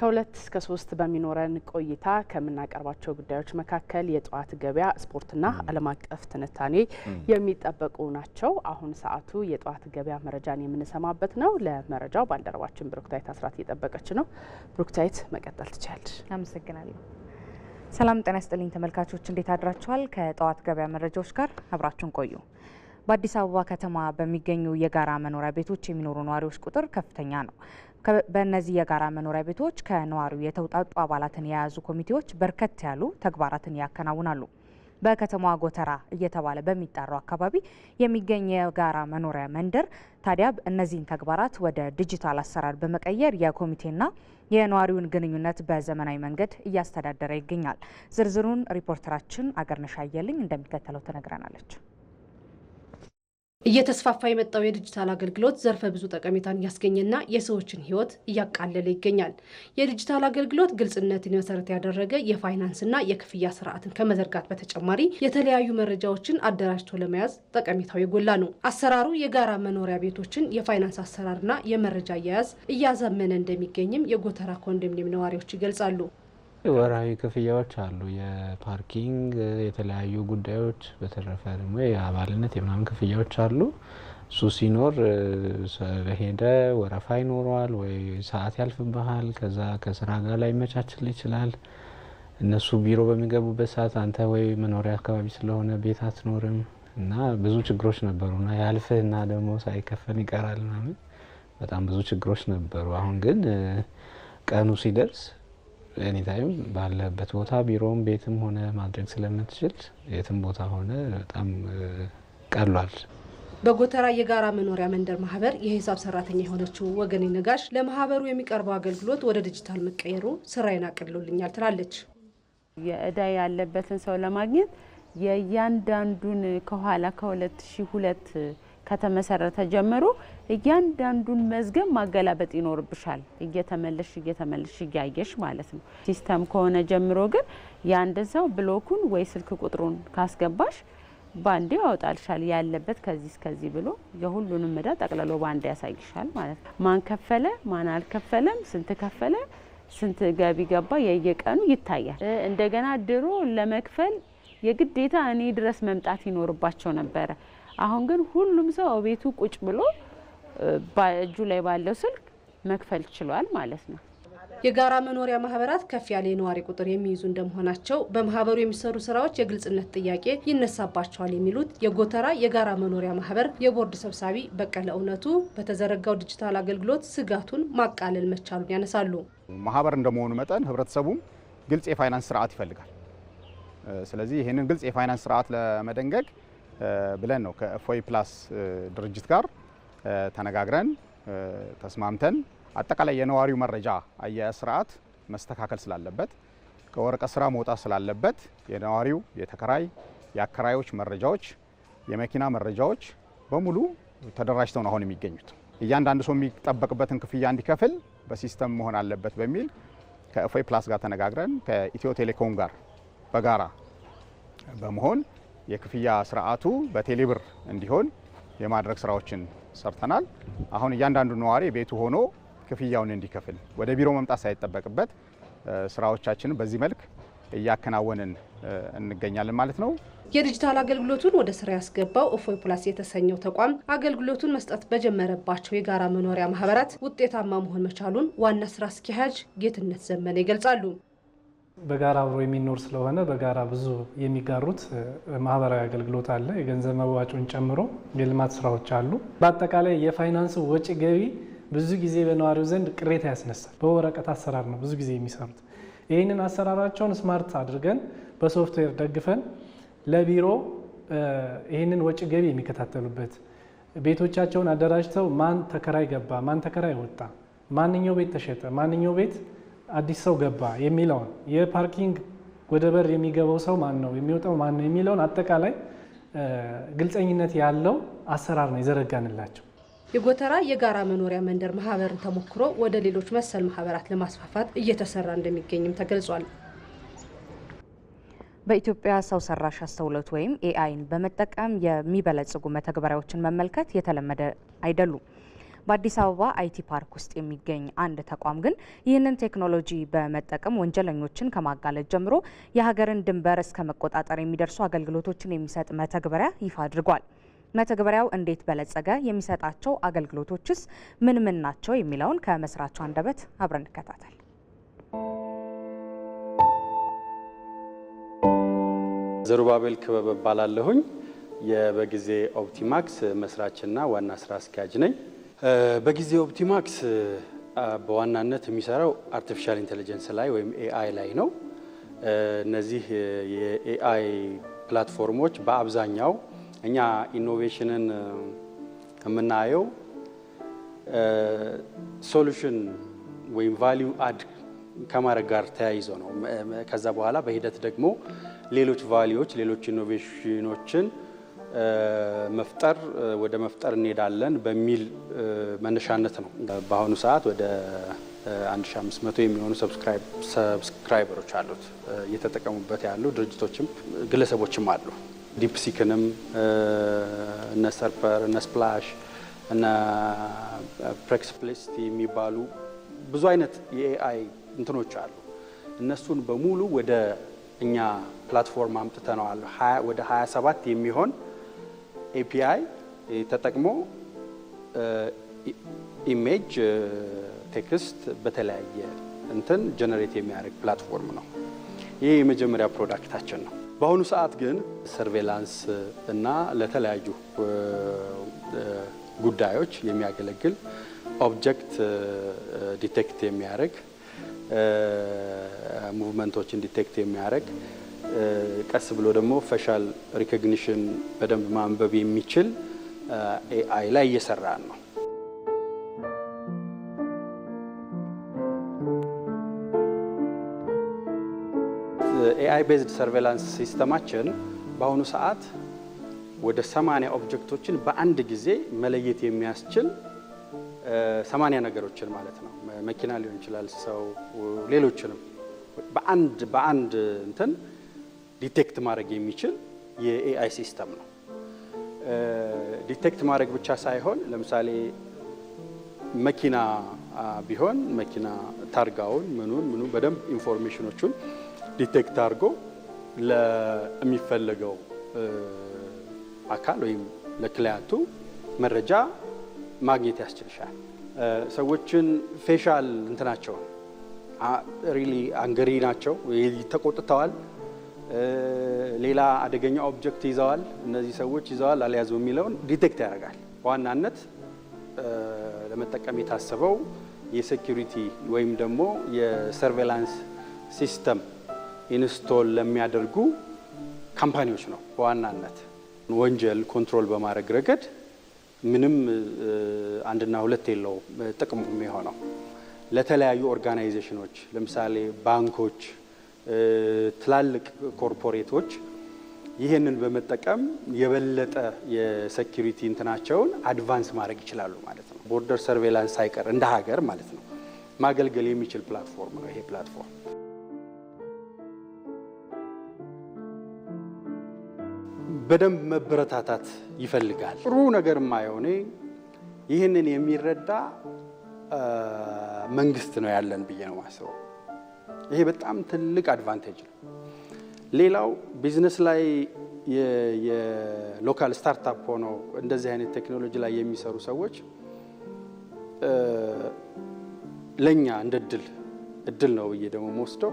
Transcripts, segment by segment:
ከሁለት እስከ ሶስት በሚኖረን ቆይታ ከምናቀርባቸው ጉዳዮች መካከል የጠዋት ገበያ ስፖርትና ዓለም አቀፍ ትንታኔ የሚጠበቁ ናቸው። አሁን ሰዓቱ የጠዋት ገበያ መረጃን የምንሰማበት ነው። ለመረጃው ባልደረባችን ብሩክታይት አስራት እየጠበቀች ነው። ብሩክታይት መቀጠል ትችላለች። አመሰግናለሁ። ሰላም ጤና ይስጥልኝ ተመልካቾች፣ እንዴት አድራችኋል? ከጠዋት ገበያ መረጃዎች ጋር አብራችሁን ቆዩ። በአዲስ አበባ ከተማ በሚገኙ የጋራ መኖሪያ ቤቶች የሚኖሩ ነዋሪዎች ቁጥር ከፍተኛ ነው። በእነዚህ የጋራ መኖሪያ ቤቶች ከነዋሪው የተውጣጡ አባላትን የያዙ ኮሚቴዎች በርከት ያሉ ተግባራትን ያከናውናሉ። በከተማዋ ጎተራ እየተባለ በሚጠራው አካባቢ የሚገኝ የጋራ መኖሪያ መንደር ታዲያ እነዚህን ተግባራት ወደ ዲጂታል አሰራር በመቀየር የኮሚቴና የነዋሪውን ግንኙነት በዘመናዊ መንገድ እያስተዳደረ ይገኛል። ዝርዝሩን ሪፖርተራችን አገርነሽ አየልኝ እንደሚከተለው ትነግረናለች። እየተስፋፋ የመጣው የዲጂታል አገልግሎት ዘርፈ ብዙ ጠቀሜታን እያስገኘና የሰዎችን ሕይወት እያቃለለ ይገኛል። የዲጂታል አገልግሎት ግልጽነትን መሰረት ያደረገ የፋይናንስና የክፍያ ስርዓትን ከመዘርጋት በተጨማሪ የተለያዩ መረጃዎችን አደራጅቶ ለመያዝ ጠቀሜታው የጎላ ነው። አሰራሩ የጋራ መኖሪያ ቤቶችን የፋይናንስ አሰራርና የመረጃ አያያዝ እያዘመነ እንደሚገኝም የጎተራ ኮንዶሚኒየም ነዋሪዎች ይገልጻሉ። ወራዊ ክፍያዎች አሉ። የፓርኪንግ የተለያዩ ጉዳዮች፣ በተረፈ ደግሞ የአባልነት የምናምን ክፍያዎች አሉ። እሱ ሲኖር ሄደ ወረፋ ይኖረዋል ወይ ሰዓት ያልፍብሃል። ከዛ ከስራ ጋር ላይ መቻችል ይችላል። እነሱ ቢሮ በሚገቡበት ሰዓት አንተ ወይ መኖሪያ አካባቢ ስለሆነ ቤት አትኖርም እና ብዙ ችግሮች እና ያልፍህና ደግሞ ሳይከፈል ይቀራል ምናምን በጣም ብዙ ችግሮች ነበሩ። አሁን ግን ቀኑ ሲደርስ ኤኒታይም ባለበት ቦታ ቢሮም ቤትም ሆነ ማድረግ ስለምትችል የትም ቦታ ሆነ በጣም ቀሏል። በጎተራ የጋራ መኖሪያ መንደር ማህበር የሂሳብ ሰራተኛ የሆነችው ወገኔ ነጋሽ ለማህበሩ የሚቀርበው አገልግሎት ወደ ዲጂታል መቀየሩ ስራዬን አቅልሎልኛል ትላለች። የእዳ ያለበትን ሰው ለማግኘት የእያንዳንዱን ከኋላ ከሁለት ሺህ ሁለት ከተመሰረተ ጀምሮ እያንዳንዱን መዝገብ ማገላበጥ ይኖርብሻል። እየተመለሽ እየተመለሽ እያየሽ ማለት ነው። ሲስተም ከሆነ ጀምሮ ግን የአንድ ሰው ብሎኩን ወይ ስልክ ቁጥሩን ካስገባሽ ባንዴ ያወጣልሻል። ያለበት ከዚህ እስከዚህ ብሎ የሁሉንም እዳ ጠቅልሎ ባንዴ ያሳይሻል ማለት ነው። ማን ከፈለ፣ ማን አልከፈለም፣ ስንት ከፈለ፣ ስንት ገቢ ገባ የየቀኑ ይታያል። እንደገና ድሮ ለመክፈል የግዴታ እኔ ድረስ መምጣት ይኖርባቸው ነበረ። አሁን ግን ሁሉም ሰው ቤቱ ቁጭ ብሎ እጁ ላይ ባለው ስልክ መክፈል ችሏል ማለት ነው። የጋራ መኖሪያ ማህበራት ከፍ ያለ የነዋሪ ቁጥር የሚይዙ እንደመሆናቸው በማህበሩ የሚሰሩ ስራዎች የግልጽነት ጥያቄ ይነሳባቸዋል የሚሉት የጎተራ የጋራ መኖሪያ ማህበር የቦርድ ሰብሳቢ በቀለ እውነቱ በተዘረጋው ዲጂታል አገልግሎት ስጋቱን ማቃለል መቻሉን ያነሳሉ። ማህበር እንደመሆኑ መጠን ህብረተሰቡም ግልጽ የፋይናንስ ስርዓት ይፈልጋል። ስለዚህ ይህንን ግልጽ የፋይናንስ ስርዓት ለመደንገግ ብለን ነው ከእፎይ ፕላስ ድርጅት ጋር ተነጋግረን ተስማምተን አጠቃላይ የነዋሪው መረጃ አያያዝ ስርዓት መስተካከል ስላለበት ከወረቀት ስራ መውጣት ስላለበት የነዋሪው፣ የተከራይ፣ የአከራዮች መረጃዎች፣ የመኪና መረጃዎች በሙሉ ተደራጅተው ነው አሁን የሚገኙት። እያንዳንድ ሰው የሚጠበቅበትን ክፍያ እንዲከፍል በሲስተም መሆን አለበት በሚል ከእፎይ ፕላስ ጋር ተነጋግረን ከኢትዮ ቴሌኮም ጋር በጋራ በመሆን የክፍያ ስርዓቱ በቴሌብር እንዲሆን የማድረግ ስራዎችን ሰርተናል። አሁን እያንዳንዱ ነዋሪ ቤቱ ሆኖ ክፍያውን እንዲከፍል ወደ ቢሮ መምጣት ሳይጠበቅበት ስራዎቻችንን በዚህ መልክ እያከናወንን እንገኛለን ማለት ነው። የዲጂታል አገልግሎቱን ወደ ስራ ያስገባው እፎይ ፕላስ የተሰኘው ተቋም አገልግሎቱን መስጠት በጀመረባቸው የጋራ መኖሪያ ማህበራት ውጤታማ መሆን መቻሉን ዋና ስራ አስኪያጅ ጌትነት ዘመነ ይገልጻሉ። በጋራ አብሮ የሚኖር ስለሆነ በጋራ ብዙ የሚጋሩት ማህበራዊ አገልግሎት አለ። የገንዘብ መዋጮን ጨምሮ የልማት ስራዎች አሉ። በአጠቃላይ የፋይናንስ ወጪ ገቢ ብዙ ጊዜ በነዋሪው ዘንድ ቅሬታ ያስነሳል። በወረቀት አሰራር ነው ብዙ ጊዜ የሚሰሩት። ይህንን አሰራራቸውን ስማርት አድርገን በሶፍትዌር ደግፈን ለቢሮ ይህንን ወጪ ገቢ የሚከታተሉበት ቤቶቻቸውን አደራጅተው ማን ተከራይ ገባ፣ ማን ተከራይ ወጣ፣ ማንኛው ቤት ተሸጠ፣ ማንኛው ቤት አዲስ ሰው ገባ የሚለውን የፓርኪንግ ወደ በር የሚገባው ሰው ማን ነው፣ የሚወጣው ማን ነው የሚለውን አጠቃላይ ግልጸኝነት ያለው አሰራር ነው የዘረጋንላቸው። የጎተራ የጋራ መኖሪያ መንደር ማህበርን ተሞክሮ ወደ ሌሎች መሰል ማህበራት ለማስፋፋት እየተሰራ እንደሚገኝም ተገልጿል። በኢትዮጵያ ሰው ሰራሽ አስተውሎት ወይም ኤአይን በመጠቀም የሚበለጽጉ መተግበሪያዎችን መመልከት የተለመደ አይደሉም። በአዲስ አበባ አይቲ ፓርክ ውስጥ የሚገኝ አንድ ተቋም ግን ይህንን ቴክኖሎጂ በመጠቀም ወንጀለኞችን ከማጋለጥ ጀምሮ የሀገርን ድንበር እስከ መቆጣጠር የሚደርሱ አገልግሎቶችን የሚሰጥ መተግበሪያ ይፋ አድርጓል። መተግበሪያው እንዴት በለጸገ? የሚሰጣቸው አገልግሎቶችስ ምን ምን ናቸው? የሚለውን ከመስራቹ አንደበት አብረን እንከታተል። ዘሩባቤል ክበብ እባላለሁኝ። የበጊዜ ኦፕቲማክስ መስራችና ዋና ስራ አስኪያጅ ነኝ። በጊዜ ኦፕቲማክስ በዋናነት የሚሰራው አርቲፊሻል ኢንቴሊጀንስ ላይ ወይም ኤአይ ላይ ነው። እነዚህ የኤአይ ፕላትፎርሞች በአብዛኛው እኛ ኢኖቬሽንን የምናየው ሶሉሽን ወይም ቫሊዩ አድ ከማድረግ ጋር ተያይዞ ነው። ከዛ በኋላ በሂደት ደግሞ ሌሎች ቫሊዎች ሌሎች ኢኖቬሽኖችን መፍጠር ወደ መፍጠር እንሄዳለን በሚል መነሻነት ነው። በአሁኑ ሰዓት ወደ 1500 የሚሆኑ ሰብስክራይበሮች አሉት። እየተጠቀሙበት ያሉ ድርጅቶችም ግለሰቦችም አሉ። ዲፕሲክንም እነ ሰርፐር እነ ስፕላሽ እና ፕሬክስፕሌሲቲ የሚባሉ ብዙ አይነት የኤአይ እንትኖች አሉ። እነሱን በሙሉ ወደ እኛ ፕላትፎርም አምጥተነዋል። ወደ 27 የሚሆን ኤፒአይ eh, ተጠቅሞ ኢሜጅ፣ eh, ቴክስት eh, በተለያየ እንትን ጀነሬት የሚያደርግ ፕላትፎርም ነው። ይህ የመጀመሪያ ፕሮዳክታችን ነው። በአሁኑ ሰዓት ግን ሰርቬላንስ እና ለተለያዩ ጉዳዮች የሚያገለግል ኦብጀክት ዲቴክት የሚያደርግ ሙቭመንቶችን ዲቴክት የሚያደርግ ቀስ ብሎ ደግሞ ፌሻል ሪኮግኒሽን በደንብ ማንበብ የሚችል ኤአይ ላይ እየሰራን ነው። ኤአይ ቤዝድ ሰርቬላንስ ሲስተማችን በአሁኑ ሰዓት ወደ 80 ኦብጀክቶችን በአንድ ጊዜ መለየት የሚያስችል 80 ነገሮችን ማለት ነው። መኪና ሊሆን ይችላል፣ ሰው፣ ሌሎችንም በአንድ በአንድ እንትን ዲቴክት ማድረግ የሚችል የኤአይ ሲስተም ነው። ዲቴክት ማድረግ ብቻ ሳይሆን ለምሳሌ መኪና ቢሆን መኪና ታርጋውን ምኑን ምኑ በደንብ ኢንፎርሜሽኖቹን ዲቴክት አድርጎ ለሚፈለገው አካል ወይም ለክላያንቱ መረጃ ማግኘት ያስችልሻል። ሰዎችን ፌሻል እንትናቸው ሪሊ አንገሪ ናቸው ተቆጥተዋል ሌላ አደገኛ ኦብጀክት ይዘዋል፣ እነዚህ ሰዎች ይዘዋል አልያዙ የሚለውን ዲቴክት ያደርጋል። በዋናነት ለመጠቀም የታሰበው የሴኪሪቲ ወይም ደግሞ የሰርቬላንስ ሲስተም ኢንስቶል ለሚያደርጉ ካምፓኒዎች ነው። በዋናነት ወንጀል ኮንትሮል በማድረግ ረገድ ምንም አንድና ሁለት የለው ጥቅሙ የሚሆነው ለተለያዩ ኦርጋናይዜሽኖች ለምሳሌ ባንኮች ትላልቅ ኮርፖሬቶች ይህንን በመጠቀም የበለጠ የሴኪሪቲ እንትናቸውን አድቫንስ ማድረግ ይችላሉ ማለት ነው። ቦርደር ሰርቬላንስ ሳይቀር እንደ ሀገር ማለት ነው ማገልገል የሚችል ፕላትፎርም ነው ይሄ ፕላትፎርም። በደንብ መበረታታት ይፈልጋል። ጥሩ ነገር ማየሆኔ ይህንን የሚረዳ መንግስት ነው ያለን ብዬ ነው ማስበው። ይሄ በጣም ትልቅ አድቫንቴጅ ነው። ሌላው ቢዝነስ ላይ የሎካል ስታርታፕ ሆነው እንደዚህ አይነት ቴክኖሎጂ ላይ የሚሰሩ ሰዎች ለእኛ እንደ እድል እድል ነው ብዬ ደግሞ መወስደው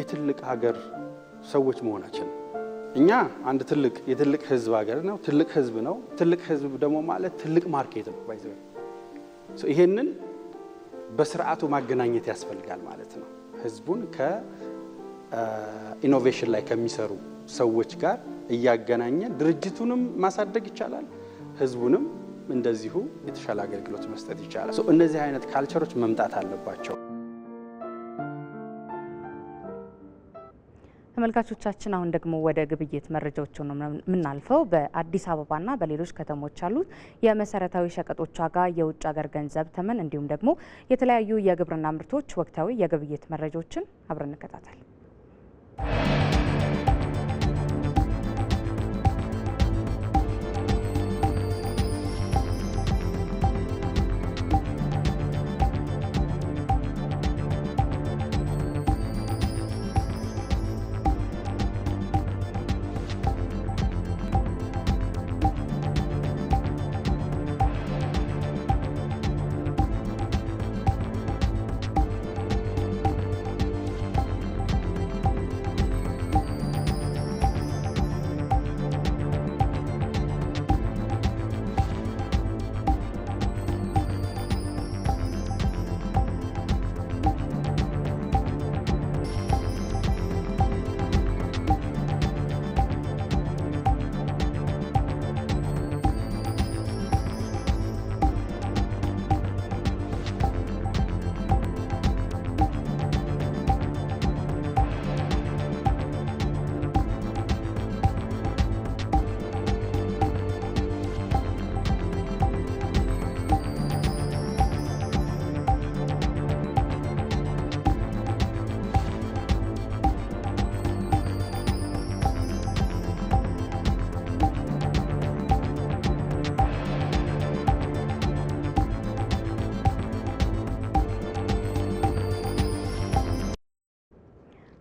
የትልቅ ሀገር ሰዎች መሆናችን ነው። እኛ አንድ ትልቅ የትልቅ ህዝብ ሀገር ነው። ትልቅ ህዝብ ነው። ትልቅ ህዝብ ደግሞ ማለት ትልቅ ማርኬት ነው። ይዘ ይሄንን በስርዓቱ ማገናኘት ያስፈልጋል ማለት ነው። ህዝቡን ከኢኖቬሽን ላይ ከሚሰሩ ሰዎች ጋር እያገናኘ ድርጅቱንም ማሳደግ ይቻላል፣ ህዝቡንም እንደዚሁ የተሻለ አገልግሎት መስጠት ይቻላል። እነዚህ አይነት ካልቸሮች መምጣት አለባቸው። ተመልካቾቻችን አሁን ደግሞ ወደ ግብይት መረጃዎች ነው የምናልፈው። በአዲስ አበባና በሌሎች ከተሞች ያሉት የመሰረታዊ ሸቀጦች ዋጋ፣ የውጭ ሀገር ገንዘብ ተመን እንዲሁም ደግሞ የተለያዩ የግብርና ምርቶች ወቅታዊ የግብይት መረጃዎችን አብረን እንከታተል።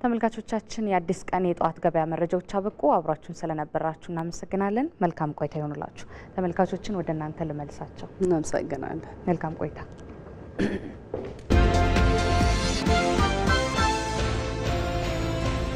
ተመልካቾቻችን የአዲስ ቀን የጠዋት ገበያ መረጃዎች አበቁ። አብራችሁን ስለነበራችሁ እናመሰግናለን። መልካም ቆይታ ይሆኑላችሁ። ተመልካቾችን ወደ እናንተ ልመልሳቸው። እናመሰግናለን። መልካም ቆይታ